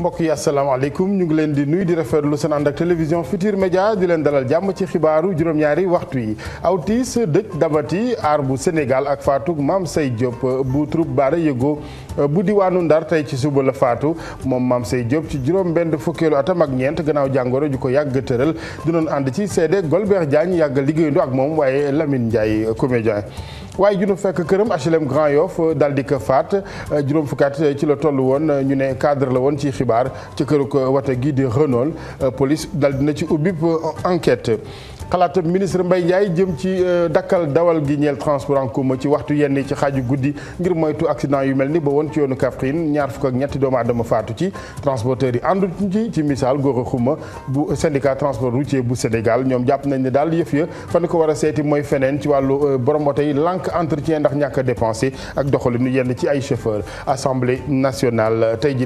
mbokk yi asalaamaaleykum ñu ngi leen di nuyu di rafetlu seen ànd ak télévision Futur Média di leen dalal jàmm ci xibaaru juróom-ñaari waxtu yi awtiis dëj dabati aar bu Sénégal ak faatu maam Say Diop bu troupe Baara Yëgo bu diwaanu Ndar tey ci suba la faatu moom maam Say Diop ci juróom-benn fukkeelu atam ak ñeent gannaaw jàngoro ju ko yàgg tëral dinoon ànd ci seede Golbert Diagne yàgg liggéeyandu ak moom waaye Lamine Ndiaye comédien waaye ju fekk këram HLM Grand Yoff euh, dal di ko faat euh, juróom fukkaat euh, ci la toll woon ñu ne cadre la woon ci xibaar ci këru ko wata gi di Renault police dal dina ci ubbi enquête xalaatam ministre Mbaye Ndiaye jëm ci euh, dakkal dawal gi ñeel transport en commun ci waxtu yenn ci xaaju guddi ngir moytu accident yu mel ni ba woon ci yoonu Kaffrine ñaar fukk ak ñetti doomu aadama faatu ci transporteurs yi àndu ci misaal Gora Khouma bu syndicat transport routier bu Sénégal ñoom jàpp nañ daal yëf ya fa ñu ko war a seeti mooy feneen ci wàllu euh, borom oto yi lànk entretien ndax ñàkk a dépensé ak doxalinu yenn ci ay chauffeur assemblée nationale tey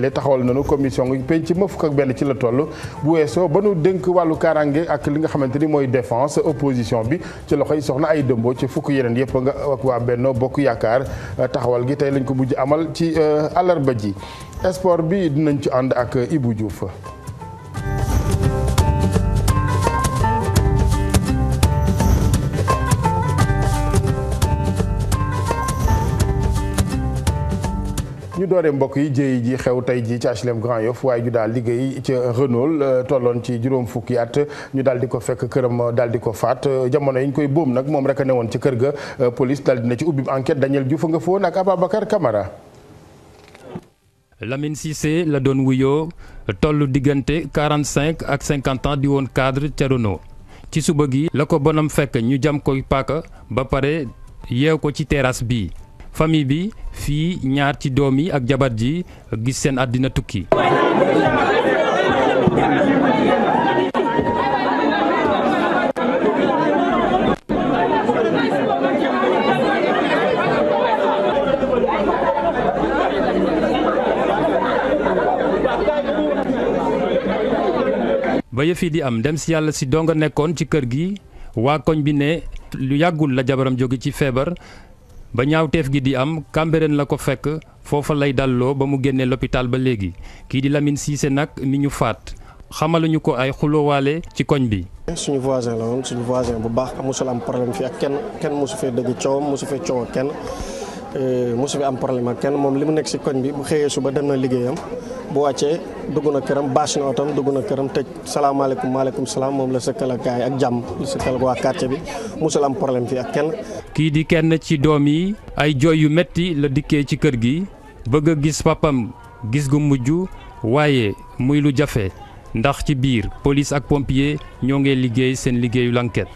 défense opposition bi ci loxo yi soxna ay dëmboo ci fukk yeneen yëpp nga ak waa benn Bokk Yaakaar euh, taxawal gi tey lañ ko mujj amal ci euh, àllarba ji sport bi dinañ ci ànd ak Ibou Diouf. ñu dooree mbokk yi jéey ji xew tey ji ci HLM Grand Yoff waaye ju daal liggéey ca Renault euh, tolloon ci juróom fukki at ñu daal di ko fekk këram euh, daal di ko faat euh, jamono yi ñu koy boom nag moom rek a newoon ca kër ga police daal dina ci ubbi enquête ju Diouf nga foon ak Ababacar Camara. Lamine Cissé la doon wuyoo tollu diggante 45 ak 50 ans di woon cadre ca Renault ci suba gi la ko bonam fekk ñu jam koy paaka ba pare yeew ko ci terrasse bi famille bi fii ñaar ci doom yi ak jabar ji gis seen àddina tukki. ba yëf di am dem si yàlla si dong nekkoon ci kër gi waa koñ bi ne lu yàggul la jabaram jóge ci feebar ba ñaawteef gi di am Cambérène la ko fekk foofa lay dalloo ba mu génnee l'hôpital ba léegi kii di Lamine Cissé nag mi ñu faat ñu ko ay xuloowaale ci koñ bi. suñu voisin la woon suñu voisin bu baax mosul am problème fii ak kenn kenn mosu fee dëgg coowam mosu fee coow kenn. Euh, mosu fi am problème ak kenn moom li mu nekk si koñ bi bu xëyee ba dem na liggéeyam bu wàccee dugg na këram baas na otam dugg na këram tëj salaamaaleykum maaleykum salaam moom la sëkkal ak gars ak jàmm la sëkkal ak waa quartier bi mosul am problème fii ak kii di kenn ci doom yi ay jooy yu metti la dikke ci kër gi bëgg a gis papam gis gu mujj waaye muy lu jafe ndax ci biir police ak pompier ñoo ngi liggéey seen liggéeyu l'enquête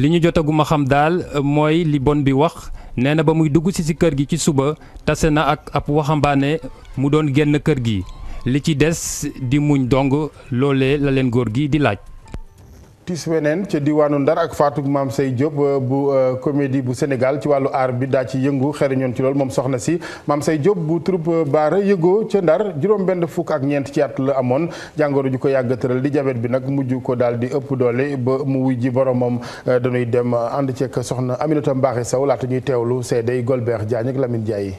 li ñu jotaguma xam daal mooy li bon bi wax nee na ba muy dugg ci si kër gi ci suba tase na ak ab waxambaane mu doon génn kër gi li ci des di muñ dong loolee la leen góor gi di laaj. tis weneen ca diwaanu Ndar ak faatug maam Sey Diop euh, bu euh, comédie bu senegal ci wàllu aar bi daal ci yëngu xereñoon ci loolu moom soxna si Mame Sey Diop bu troupe euh, baar yëgoo ca Ndar juróom-benn fukk ak ñeent ci at la amoon jàngoro ju ko yàgg tëral di jabet bi nag mujj ko daal di ëpp doole ba mu wuy ji boromam dañuy dem ànd ceeg soxna Aminata Mbaxe saw laata ñuy teewlu seeday Golbert Diagne ak Lamine Diaye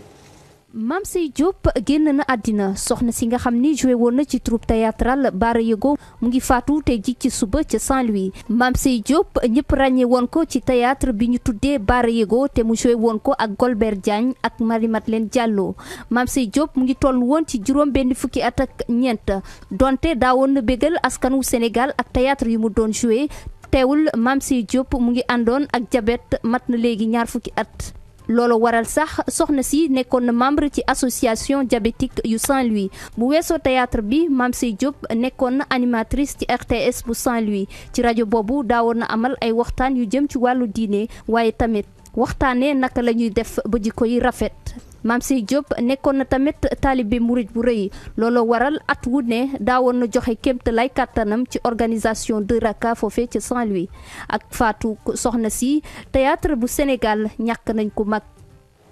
Mame Seye Diop génn na àddina soxna si nga xam ni joué woon na ci troupe théâtrale Bara mu ngi faatu tey ji ci suba ca Saint-Louis Mame Seye Diop ñëpp ràññe woon ko ci théâtre bi ñu tuddee Bara Yego te mu joué woon ko ak Golbert Diagne ak Marie leen jàlloo maam Seye Diop mu ngi toll woon ci juróom benn fukki at ak ñeent donte daawoon na bégal askanu Sénégal ak théâtre yu mu doon joué teewul Mame Seye Diop mu ngi àndoon ak jabet mat na léegi ñaar fukki at loolu waral sax soxna si nekkoon na membre ci association diabétique yu Saint-Louis bu weesoo théâtre bi maam Sey Diop nekkoon na animatrice ci RTS bu Saint-Louis ci rajo boobu daawoon na amal ay waxtaan yu jëm ci wàllu diine waaye tamit waxtaanee naka la ñuy def ba jikko yi rafet. Mame Sidy Diop nekkoon na tamit taalibe murit bu rëy looloo waral at wu ne daawoon na joxe kéemte lay kàttanam ci organisation de raka foofe ci Saint-Louis ak faatu soxna si théâtre bu Sénégal ñàkk nañ ko mag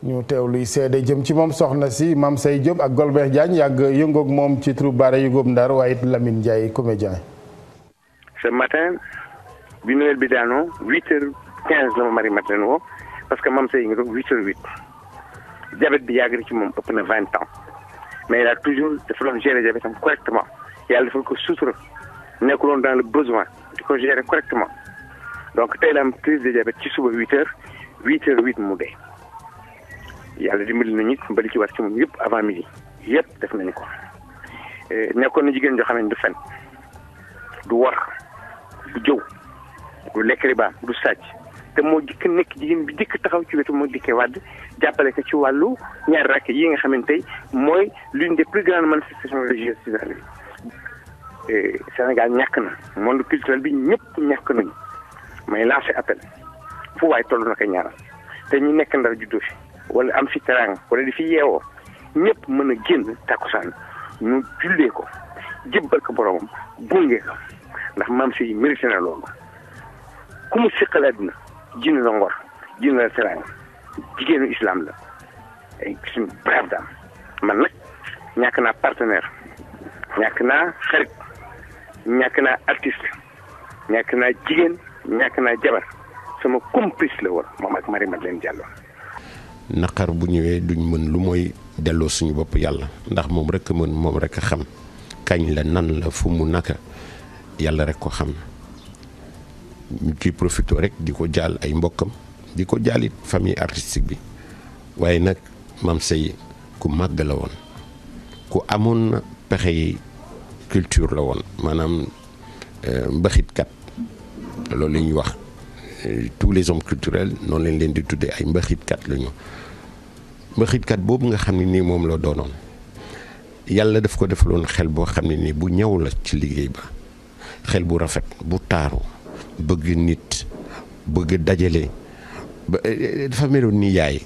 ñu teewluy seede jëm ci moom soxna si mam say Diop ak Golbert Diagne yàgg yëngoog moom ci troupe Bara yu góob Ndar waaye it Lamine Ndiaye comédien ce matin bi nawet bi daanoo huit heures quinze la ma mari matin woo parce que Mame Sidy nga huit heures huit diabète bi yàgg na ci moom ëpp na vingt ans mais il toujours dafa doon gérer diabète am correctement yàlla dafa ko sutura nekkuloon dans le besoin di ko gérer correctement donc tey la am crise de diabète ci suba huit heures huit heures huit mu dee yàlla dimbali nañu it mbali ci war ci moom yëpp avant midi yëpp def nañu ko eh, nekkoon na jigéen joo xam ne du fen du war du jëw du lekk ribaam du sàcc. te moo dikk nekk jigéen bi dikk taxaw ci wetu moo dikkee wàdd jàppale ko ci wàllu ñaar rakk yi nga xamante mooy l'une des plus grandes manifestations religieuses ci Sénégal ñàkk na monde culturel bi ñëpp ñàkk nañu may lancé appel fu waay toll na ko ñaanal te ñu nekk ndar juddoo fi wala am si teraanga wala di fi yeewoo ñépp mën a génn takkusaan ñu jullee ko jébbal ko boromam gunge ko ndax maam si mérité na loolu ku mu siqal àddina diine la ngor diine la teraanga jigéenu islam la ay suñu brave dame nag ñàkk naa partenaire ñàkk naa xarit ñàkk naa artiste ñàkk naa jigéen ñàkk naa jabar sama complice la woon moom ak Marie Madeleine Diallo. naqar bu ñëwee duñ mën lu mooy delloo suñu bopp yàlla ndax moom rek a mën moom rek a xam kañ la nan la fu mu naka yàlla rek ko xam. ñu ciy profité rek di ko jaal ay mbokkam di ko jaalit famille artistique bi waaye nag Mame Seye ku màgg la woon ku amoon na pexe yi culture la woon maanaam euh, mbaxitkat loolu la ñuy wax euh, tous les hommes culturels noonu lañ leen di tuddee ay mbaxitkat la ñu mbaxitkat boobu nga xam ne nii moom la doonoon yàlla daf ko defaloon xel boo xam ne nii bu ñëw la ci liggéey ba xel bu rafet bu taaru bëgg nit bëgg dajale ba eh, eh, dafa meloon ni yaay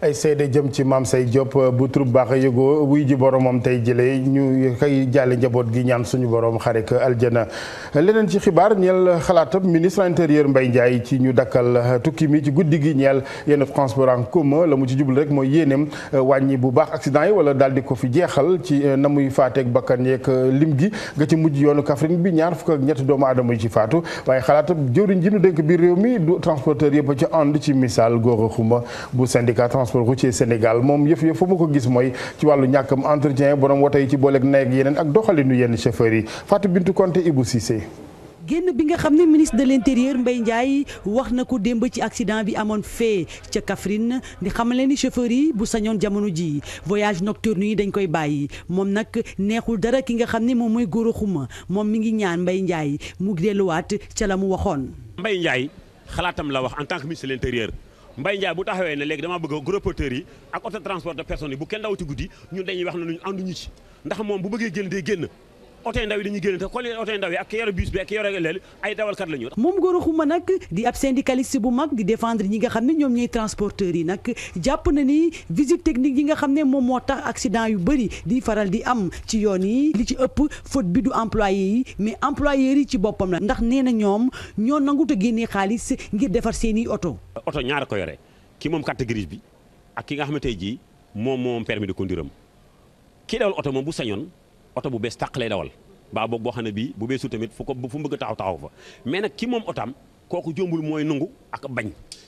ay seede jëm ci maam say Diop euh, bu troupe baax a yëgoo wuy ji boromam tey jëlee ñu kay jàlle njaboot gi ñaan suñu borom xare ko aljana leneen ci xibaar ñeel xalaatab ministre intérieur mbay Ndiaye ci ñu dakkal euh, tukki mi ci guddi gi ñeel yenn transport en commun la mu ci jublu rek mooy yéeneem euh, wàññi bu baax accident yi wala daal di ko fi jeexal ci na muy faateeg bakkan yeeg lim gi nga ci mujj yoonu kafrin bi ñaar fukk ak ñetti doomu aadama yi ci faatu waaye xalaatab jëwriñ ji nu dénk biir réew mi du transporteur yëpp ànd ci misaal góor xuma bu syndicat transport routier moom yëf yëf fu ma ko gis mooy ci wàllu ñàkkam entretien borom woto yi ci booleeg neeg yeneen ak doxalinu yenn chauffeurs yi Fatou Bintou Konté Ibou Cissé. génn bi nga xam ne ministre de l'intérieur Mbaye Ndiaye wax na ko démb ci accident bi amoon fee ca kafrin di xam leen ni chauffeur yi bu sañoon jamono ji voyage nocturne yi dañ koy bàyyi moom nag neexul dara ki nga xam ne moom mooy Gora Khouma moom mi ngi ñaan mbay Ndiaye mu delluwaat ca la mu waxoon. Mbaye Ndiaye xalaatam la wax en tant que ministre Mbaye Ndiaye bu taxawee ne léegi damaa bëgg gros porteurs yi ak auto transport de personnes yi bu kenn daw guddi ñun dañuy wax ne ñu ànduñu ci ndax moom bu bëggee génn day génn oto ndaw yi dañuy génn te xool leen oto ndaw yi ak yore bus bi ak yore leel ay dawalkat la ñu moom Gora Khouma nag di ab syndicaliste bu mag di défendre ñi nga xam ne ñoom ñooy transporteurs yi nag jàpp na ni visite technique yi nga xam ne moom moo tax accident yu bëri di faral di am ci yoon yi li ci ëpp faute bi du employé yi mais employeurs yi ci boppam na ndax nee na ñoom ñoo nangut a génnee xaalis ngir defar seeni oto oto ñaar ko yore ki moom carte bi ak ki nga xam ne tey jii moom moom permis de conduire am kii oto moom bu sañoon oto bu bees tàq lay dawal mbaa boog boo xam ne bii bu beesu tamit fu ko fu mu taxaw taxaw fa mais nag ki moom otaam kooku jombul mooy nungu ak bañ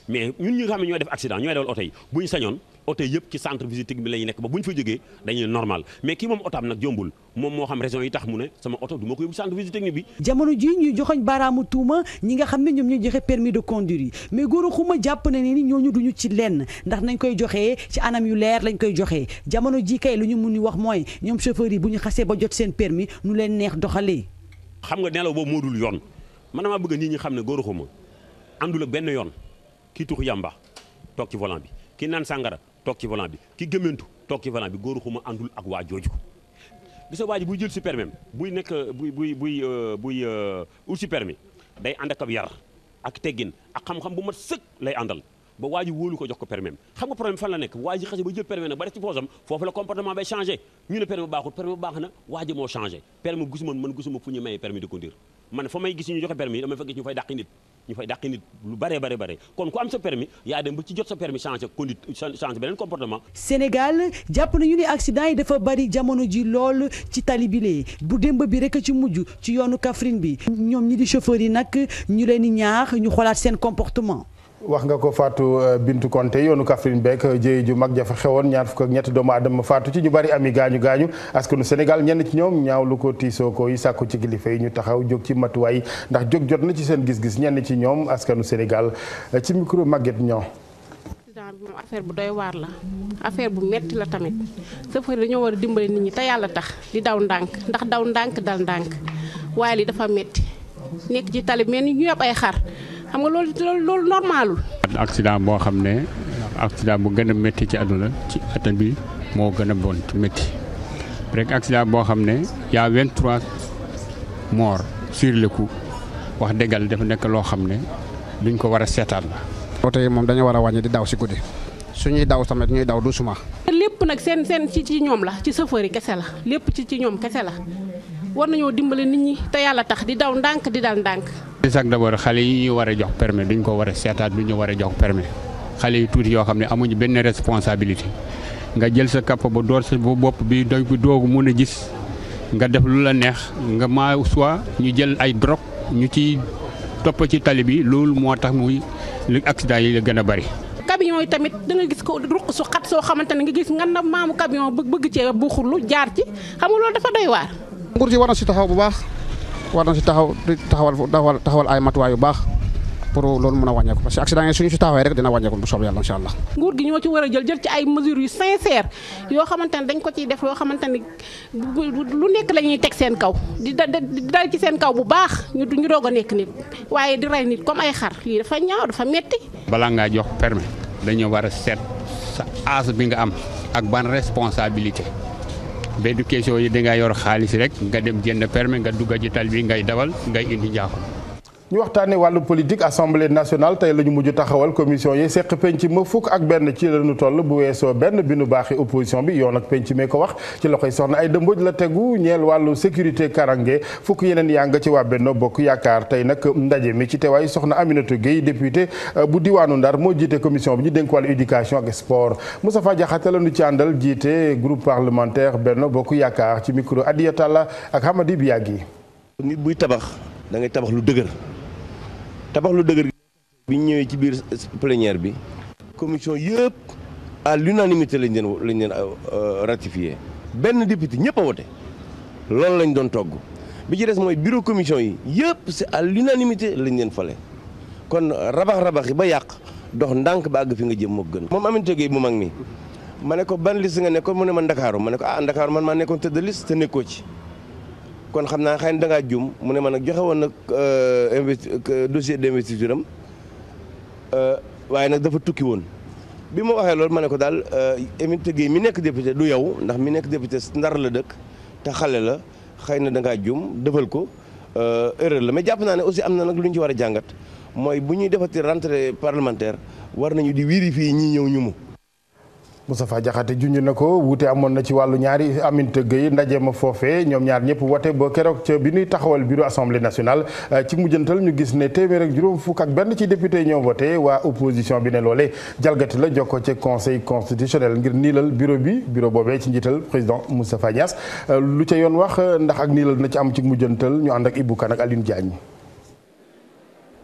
mais ñun ñi nga xam ne ñooy def accident ñooy dawal oto yi bu sañoon oto yëpp ci centre visite bi la ñu nekk ba bu ñu fa jógee dañuy normal mais kii moom otaam nag jombul moom moo xam raison yi tax mu ne sama oto du ma ko yóbbu centre visite technique bi jamono ji ñuy joxoñ baaraamu tuuma ñi nga xam ne ñoom ñuy joxe permis de conduire yi mais goro a xuma jàpp na ne ni ñooñu duñu ci lenn ndax nañ koy joxee ci anam yu leer lañ koy joxee jamono ji kay lu ñu mun wax mooy ñoom chauffeur yi bu ñu xasee ba jot seen permis nu leen neex doxalee xam nga nelaw boobu moo dul yoon man damaa bëgg nit ñi xam ne góor a xuma àndul ak benn yoon kii tux yàmba toog ci volant bi kii naan sàngara toog ci volant bi ki gëmëntu toog ci volant bi góoru xuma àndul ak waa jooju gisa waa ji buy jël si permis buy nekk buy buy buy euh, buy euh, ut si permis day ànd ak ab yar ak teggin ak xam-xam bu mat sëkk lay àndal ba waa wóolu ko jox ko permis xam nga problème fan la nekk waa xase ba jël permis nag ba def ci poosam foofu la comportement bay changé ñu ne permis bu baaxul permis bu baax na waa ji moo changé permis gisuma man gisuma fu ñu maye man fa may gis ñu joxe permis dama ñu fay dàq nit lu bare bare bare kon ku am sa permis yaa dem ba ci jot sa permis changé conduite changé beneen comportement. Sénégal jàpp nañu ne accident yi dafa bari jamono ji lool ci tali bile bu démb bi rek ci mujj ci yoonu Kaffrine bi ñoom ñi di chauffeur yi nag ñu leen di ñaax ñu xoolaat seen comportement. wax nga ko Fatou euh, Bintou Konté yoonu Kaffrine beek euh, jéey ju mag jafe xewoon ñaar fukk ak ñetti doomu aadama faatu ci ñu bari ami gaañu gaañu askanu Sénégal ñenn ci ñoom ñaaw lu ko tiisoo ko yi sàkku ci kilifa yi ñu taxaw jóg ci matuwaay ndax jóg jot na ci seen gis-gis ñenn ci ñoom askanu senegal euh, ci micro Maguette Niang président bi bu doy waar la affaire bu metti la tamit safari dañoo war a dimbali nit ñi te yàlla tax di daw ndànk ndax daw ndànk dal ndànk waaye li dafa metti nekk xam nga loolu loolu normalul. accident boo xam ne accident bu gën a métti ci àdduna ci atam bi moo gën a bon métti rek accident boo xam ne yaa vingt trois morts sur wax dëggal dafa nekk loo xam ne duñ ko war a seetaan la. oto yi moom dañoo war a wàññi di daw si guddi suñuy daw tamit ñuy daw du doucement. lépp nag seen seen ci ci ñoom la ci chauffeur yi kese la lépp ci ci ñoom kese la war nañoo dimbale nit ñi te yàlla tax di daw ndànk di dal ndànk. sax d'abord xale yi ñu war a jox permis duñ ko war a seetaat du ñu war a jox permis xale yi tuuti yoo xam ne amuñu benn responsabilité nga jël sa kapp ba door sa bopp bi doy ko doogu mun a gis nga def lu la neex nga ma soit ñu jël ay drogue ñu ci topp ci tali bi loolu moo tax muy li accident yi la gën a bari. camion yi gis ko ruq su xat soo xamante ne nga gis nga na maamu camion bëgg cee lu jaar ci xam loolu dafa doy waar. nguur gi war si taxaw bu baax. war si taxaw taxawal taxawal ay matuwaay yu baax pour loolu mën a wàññeeku parce que accident yi suñu si taxawee rek dina wàññeeku bu soob yàlla incha allah. nguur gi ñoo ci war a jël jël ci ay mesures yu sincère yoo xamante ne dañ ko ciy def yoo xamante ne lu nekk la teg seen kaw di dal ci seen kaw bu baax ñu ñu doog a nekk nit waaye di rey nit comme ay xar lii dafa ñaaw dafa metti balaa ngaa jox permis dañu war a seet sa as bi nga am ak ban responsabilité. ba du question yi dangaa yor xaalis rek nga dem jënd perme nga dugg ji tal bi ngay dawal ngay indi njaaxum. ñu waxtaanee wàllu politique assemblée nationale tey la ñu mujj taxawal commission yi seq penc ma fukk ak benn ci la toll bu weesoo benn bi nu baaxee opposition bi yoon ak penc mee ko wax ci loxoy soxna ay dëmboj la tegu ñeel wàllu sécurité karange fukk yeneen yaa nga ci waa benn Bokk Yaakaar tey nag ndaje mi ci teewaay soxna Aminata Gueye député euh, bu diwaanu Ndar moo jiite commission bi ñu dénk wàllu éducation ak sport Moustapha Diakhaté la ñu ci àndal jiite groupe parlementaire Benno Bokk Yaakaar ci micro Adiyatalla ak Hamadi Biagi nit buy tabax da ngay tabax lu dëgër tabax lu dëgër bi ñëwee ci biir plénière bi commission yëpp à l'unanimité lañ leen lañ leen euh, ratifié benn député ñëpp a wote loolu lañ doon togg bi ci des mooy bureau commission yi yëpp c'est à l'unanimité lañ leen fale kon rabax-rabax yi ba yàq dox ndànk ba àgg fi nga jëm moo gën moom Aminata Gueye mu mag mi ma ne ko ban liste nga nekkoon mu ne ma Ndakaaru ma ne ko ah Ndakaaru man maa nekkoon tëdd liste te nekkoo ci kon xam naa xëy na dangaa jum mu ne man nag joxe woon nag euh, investi euh, dossier d'investiture am euh, waaye nag dafa tukki woon bi ma waxee loolu ma ne ko daal Aminata Gueye mi nekk député du yow ndax mi nekk député Ndar la dëkk te xale la xëy na dangaa jum defal ko erreur la mais jàpp naa ne aussi am na nag lu ñu ci war a jàngat mooy bu ñuy defati rentrée parlementaire war nañu di vérifier ñii ñëw ñu mu. Moustapha ju ñu ne ko wuute amoon na ci wàllu ñaari Aminata Gueye ndaje ma foofee ñoom ñaar ñëpp wote boo keroog ca bi nuy taxawal bureau assemblée nationale euh, ci mujjantal ñu gis ne téeméer ak juróom fukk ak benn ci député ñoo voté waa opposition bi ne loole jalgati la jokkoo ci conseil constitutionnel ngir niilal bureau bi bureau boobee ci njiital président Moustapha Niass euh, lu ca yoon wax ndax ak niilal na ci am ci mujjantal ñu ànd ak Ibou Kane ak Aline Diagne.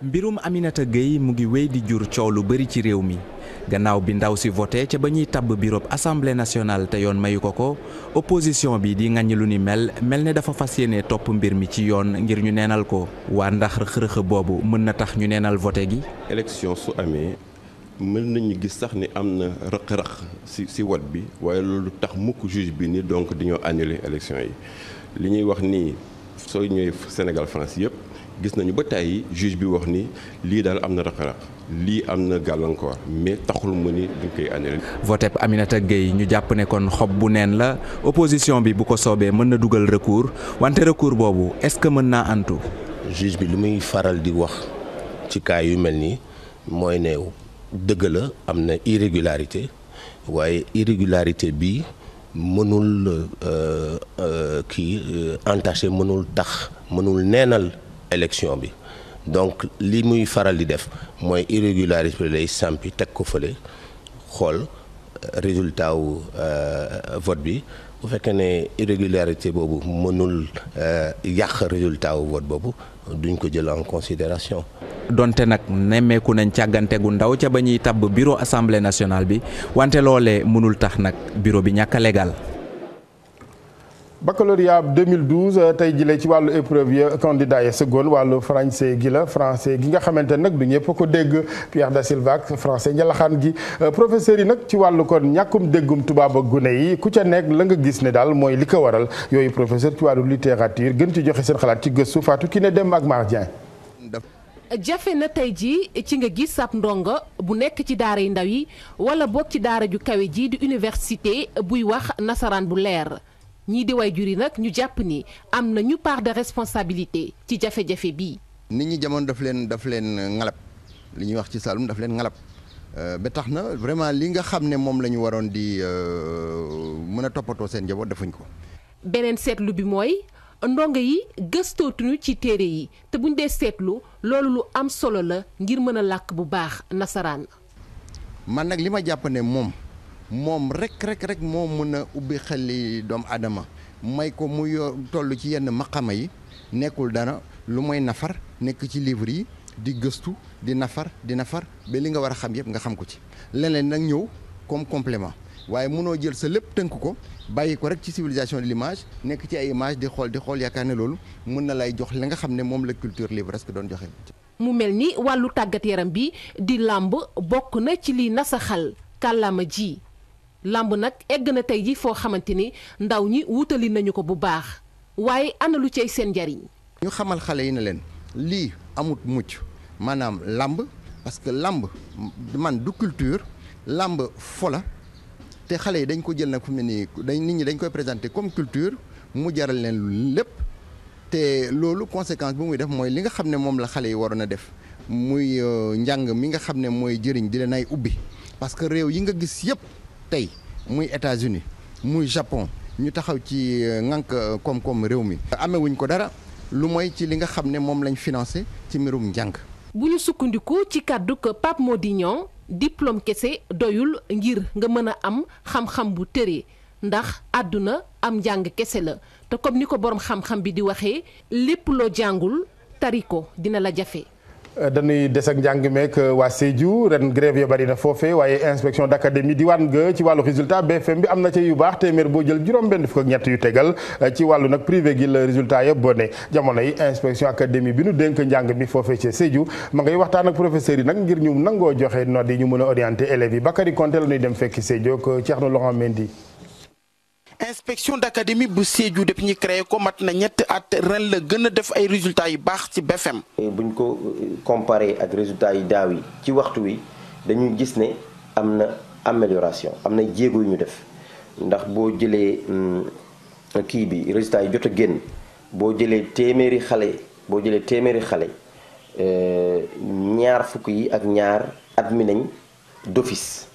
mbirum Aminata Gueye mu ngi wéy di jur coow lu bari ci réew mi. gannaaw bi ndaw si voté ca ba ñuy tabb bureau assemblée nationale te yoon mayu ko ko opposition bi di ŋaññi lu ni mel mel ne dafa fas yéene topp mbir mi ci yoon ngir ñu neenal ko waa ndax rëx-rëx boobu mën na tax ñu neenal vote gi. élection su amee mën nañu gis sax ni am na rëq-rëq si si wot bi waaye loolu tax mukk juge bi ni donc dañoo annuler élection yi li ñuy wax nii soo ñëwee Sénégal France yëpp gis nañu ba tàyyi juge bi wax ni lii daal am na rëq lii am na gàllankoor mais taxul mu ni duñ koy annulé. voté Aminata Gueye ñu jàpp ne kon xob bu neen la opposition bi bu ko soobee mën na dugal recours wante recours boobu est-ce que mën naa antu. juge bi lu muy faral di wax ci cas yu mel nii mooy ne dëgg la am na irrégularité waaye irrégularité bi mënul euh, euh, kii euh, entaché mënul tax mënul neenal élection bi. donc li muy faral di def mooy irrégularité lay sampi teg ko fële xool euh, résultat wu euh, vote bi bu fekkee ne irrégularité boobu mënul euh, yàq résultat wu vote boobu duñ ko jël en considération donte nag nemmeeku nañ càggante gu ndaw ca ba ñuy tab bureau assemblée nationale bi wante loole mënul tax nag bureau bi ñàkk a légal baccalauréat 2012 euh, tey ji jile ci wàllu épreuve yi candidat yi seconde wàllu français gi la français gi nga xamante nag du ñëpp ko dégg Pierre da Silva ak français njalaxaan gi euh, professeur yi nag ci wàllu kon ñàkkum déggum tubaab ak gune yi ku ca nekk la nga gis ne daal mooy li ko waral yooyu professeur ci wàllu littérature gën ci joxe seen xalaat ci gëstu Fatou Kiné Deme ak Mar Dieng jafe na tey jii ci nga gis ab ndongo bu nekk ci daara yu ndaw yi wala boog daara ju kawe ji di université buy wax nasaraan bu leer ñii di waay jur yi nag ñu jàpp ni am na ñu part de responsabilité ci jafe-jafe bii. nit ñi jamono daf leen daf leen ngalab li ñuy wax ci Saloum daf leen ngalab euh, ba tax na vraiment li nga xam ne moom la ñu waroon di euh, mën a toppatoo seen njaboot defuñ ko. beneen seetlu bi mooy. ndongo yi gëstootuñu ci téere yi te buñ dee seetlu loolu lu am solo la ngir mën a làkk bu baax nasaraan. man nag li ma jàpp ne moom. moom rek rek rek moo mën a ubbi xeli doomu aadama may ko mu yor toll ci yenn maqama yi nekkul dara lu mooy nafar nekk ci livre yi di gëstu di nafar di nafar ba li nga war a xam yëpp nga xam ko ci leneen nag ñëw comme complément waaye mënoo jël sa lépp tënk ko bàyyi ko rek ci civilisation de l'image nekk ci ay image di xool di xool yaakaar ne loolu mën na lay jox li nga xam ne moom la culture livresque doon joxe. mu mel nii wàllu tàggat yaram bi di làmb bokk na ci liy nasaxal kàllaama ji. làmb nag egg na tey ji foo xamante ni ndaw ñi wutali nañu ko bu baax waaye ana lu cey seen njariñ ñu xamal xale yi na leen lii amut mucc maanaam làmb parce que làmb man du culture làmb fola te xale yi dañ ko jël nag fu mu ne nii dañ nit ñi dañ koy présenté comme culture mu jaral leen lu lépp te loolu conséquence bi muy def mooy li nga xam ne moom la xale yi waroon a def muy euh, njàng mi nga xam ne mooy jëriñ di leen ay ubbi parce que réew yi nga gis yëpp tey muy États-Unis muy Japon ñu taxaw ci euh, ŋànk euh, koom-koom réew mi. amewuñ ko dara lu mooy ci li nga xam ne moom lañ financé ci mbirum njàng. bu ñu sukkandiku ci kàddu Pape Modignon diplôme kese doyul ngir nga mën a am xam-xam bu tëree ndax àdduna am njàng kese la te comme ni ko boroom xam-xam bi di waxee lépp loo jàngul tari ko dina la jafe. Euh, danuy des ak njàng meeg euh, waa Sédhiou ren grève ya bari na foofe waaye inspection d'académie diwaan ga ci wàllu résultat BFM bi am na ci yu baax téeméer boo jël juróom-benn fukk ak ñett yu tegal euh, ci wàllu nag privé gi la résultat ya bone jamono yi inspection académie bi nu dénk njàng mi foofe ca Sédhiou ma ngay waxtaan ak professeurs yi nag ngir ñu nangoo joxe note yi ñu mën a orienté élèves yi Bakary Konté la ñuy dem fekki Sédhiou ak Thierno Laurent Mendy inspection d'académie bu Sédhiou depuis ñi créé ko mat na ñett at ren la gën a def ay résultat yu baax ci BFM. buñ ko euh, comparé ak résultats yi daaw yi ci waxtu wi dañuy gis ne am na amélioration am na jéego ñu def ndax boo jëlee hmm, kii bi résultats yi jot a génn boo jëlee téeméeri xale boo jëlee téeméeri xale euh, ñaar fukk yi ak ñaar admis nañ d'office.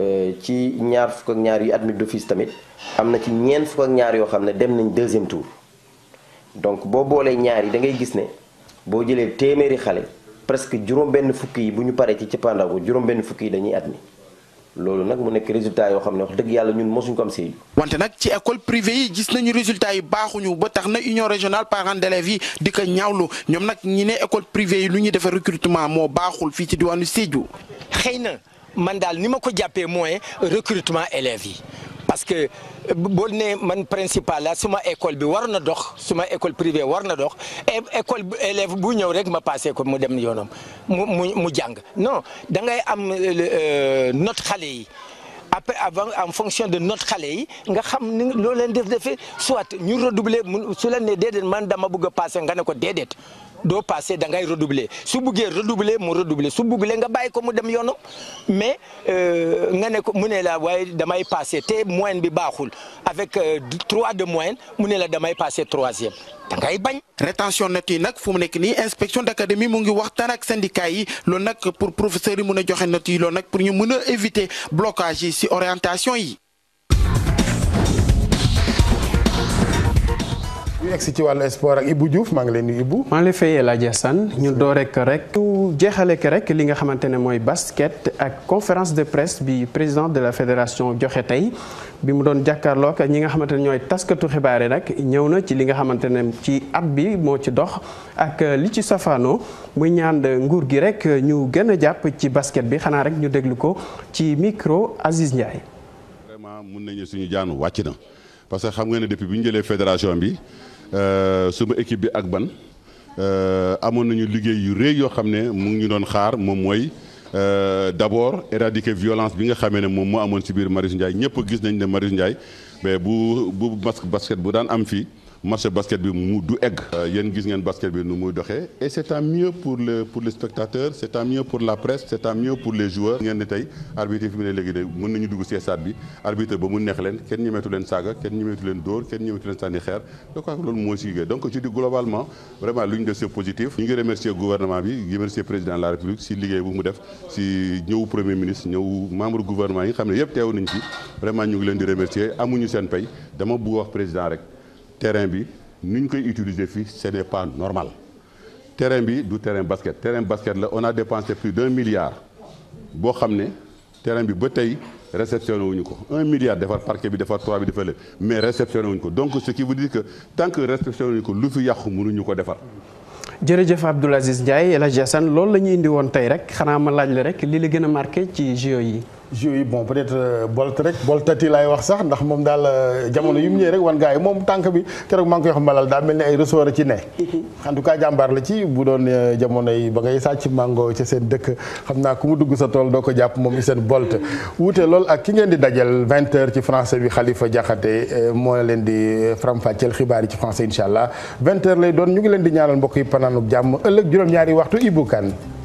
Euh, ci ñaar fukk ak ñaar yu admis d'office tamit am na ci ñeent fukk ak ñaar yoo xam ne dem nañ deuxième tour donc boo boolee ñaar yi da ngay gis ne boo jëlee téeméeri xale presque juróom-benn fukki yi bu ñu paree ci ci ko juróom-benn fukk yi dañuy admis loolu nag mu nekk résultat yoo xam ne wax dëgg yàlla ñun mosuñ ko am Sédhiou. wante nag ci école privée yi gis nañu résultat yi baaxuñu ba tax na union régionale parents d'élèves yi di ko ñaawlu ñoom nag ñi ne école privée yi lu ñuy defee recrutement moo baaxul fii ci diwaanu Sédhiou. xëy na man daal ni ma ko jàppee mooy recrutement élève yi parce que boo ne man principal la suma école bi war na dox suma école privée war na dox école élève bu ñëw rek ma passé ko mu dem yoonam mu mu mu jàng non dangay ngay am euh, euh, not xale yi. après avant en fonction de not xale yi nga xam ni loo leen def defee soit ñu redoubler mu su la nee déedéet man dama bëgg a passé nga ne ko déedéet doo passé da ngay redoubler su buggee redoubler mu redoubler su buggee nga bàyyi ko mu dem yoonu mais euh, nga ne ko mu ne la waaye damay passé te moyenne bi baaxul avec euh, trois de moyenne mu ne la damay passé troisième da ngay bañ. rétention notes yi nag fu mu nekk nii inspection d'académie mu ngi waxtaan ak syndicat yi loolu nag pour professeurs yi mun a joxe notes yi loolu nag pour ñu mun a éviter blocage yi si orientation yi. ñu egsi ci wàllu sport ak Ibou Diouf maa ngi leen di Ibou. maa ngi lay fay El Hadj Assane ñu doore rek. jeexale ko rek li nga xamante ne mooy basket ak conférence de presse bi président de la fédération joxe tey bi mu doon jàkkaarloo ak ñi nga xamante ne ñooy taskatu xibaar yi nag ñëw na ci li nga xamante ne ci at bi moo ci dox ak li ci safaano muy ñaan nguur gi rek ñu gën a jàpp ci basket bi xanaa rek ñu déglu ko ci micro Aziz Ndiaye. vraiment mun nañu suñu jaanu wàcc na parce que xam nga ne depuis bi ñu jëlee fédération bi. Euh, suma équipe bi ak ban euh, amoon nañu liggéey yu rëy yoo xam ne mu ngi ñu doon xaar moom mooy euh, d'abord éradiquer violence bi nga xamee ne moom moo amoon ci biir Marius Ndiaye ñëpp gis nañ ne Marius Ndiaye mais bu bu basket bu daan am fii. match basket bi mu du egg. Euh, yéen gis ngeen basket bi nu muy doxee et c' à mieux pour le pour le spectateur c' à mieux pour la presse c' est à mieux pour les joueurs. ngeen ne tey arbitre fi mu ne léegi de mën nañu dugg ci stade bi arbitre ba mu neex leen kenn ñemeetu leen saaga kenn ñemeetu leen dóor kenn ñemeetu leen sànni xeer je crois que loolu mooy si donc je dis globalement vraiment lu ñu def c' est positif. ñu ngi remercier gouvernement bi di remercier membre gouvernement yi xam ne yëpp teew nañ ci vraiment ñu ngi leen di remercier amuñu seen pay dama bëgg wax président rek. terrain bi nu ñu koy utiliser fii ce n'est pas normal terrain bi du terrain basket terrain basket la on a dépensé plus d'un milliard boo xam ne terrain bi ba tey réceptionné wuñu ko un milliard defar parquet bi defar trois bi defar lépp mais réceptionné wuñu ko donc ce qui veut dire que tant que ko lu fi yàqu munuñu ko defar. jërëjëf Abdoul Aziz Ndiaye El Hadj Assane loolu la ñu indi woon tey rek xanaa ma laaj la rek li la gën a marqué ci JO yi. jeux yi bon peut-être euh, bolt rek boltati laay wax sax ndax moom daal euh, jamono yu mu ñëwee rek wan moom tànk bi keroog maa ngi koy wax mbalal mel ni ay ressort ci ne mhm. en tout cas jàmbaar la bu doon euh, jamono ba ngay sàcc mango ca seen dëkk xam naa ku mu dugg sa tool doo ko jàpp moom i seen bolte wute lool ak ki ngeen di dajal vingt ci français bi Khalifa Diakhaté moo leen di faram-fàcceel xibaar yi ci français incha allah vingt lay doon ñu ngi leen di ñaanal mbokk yi panaanuk jàmm ëllëg juróom-ñaari waxtu Ibou Kane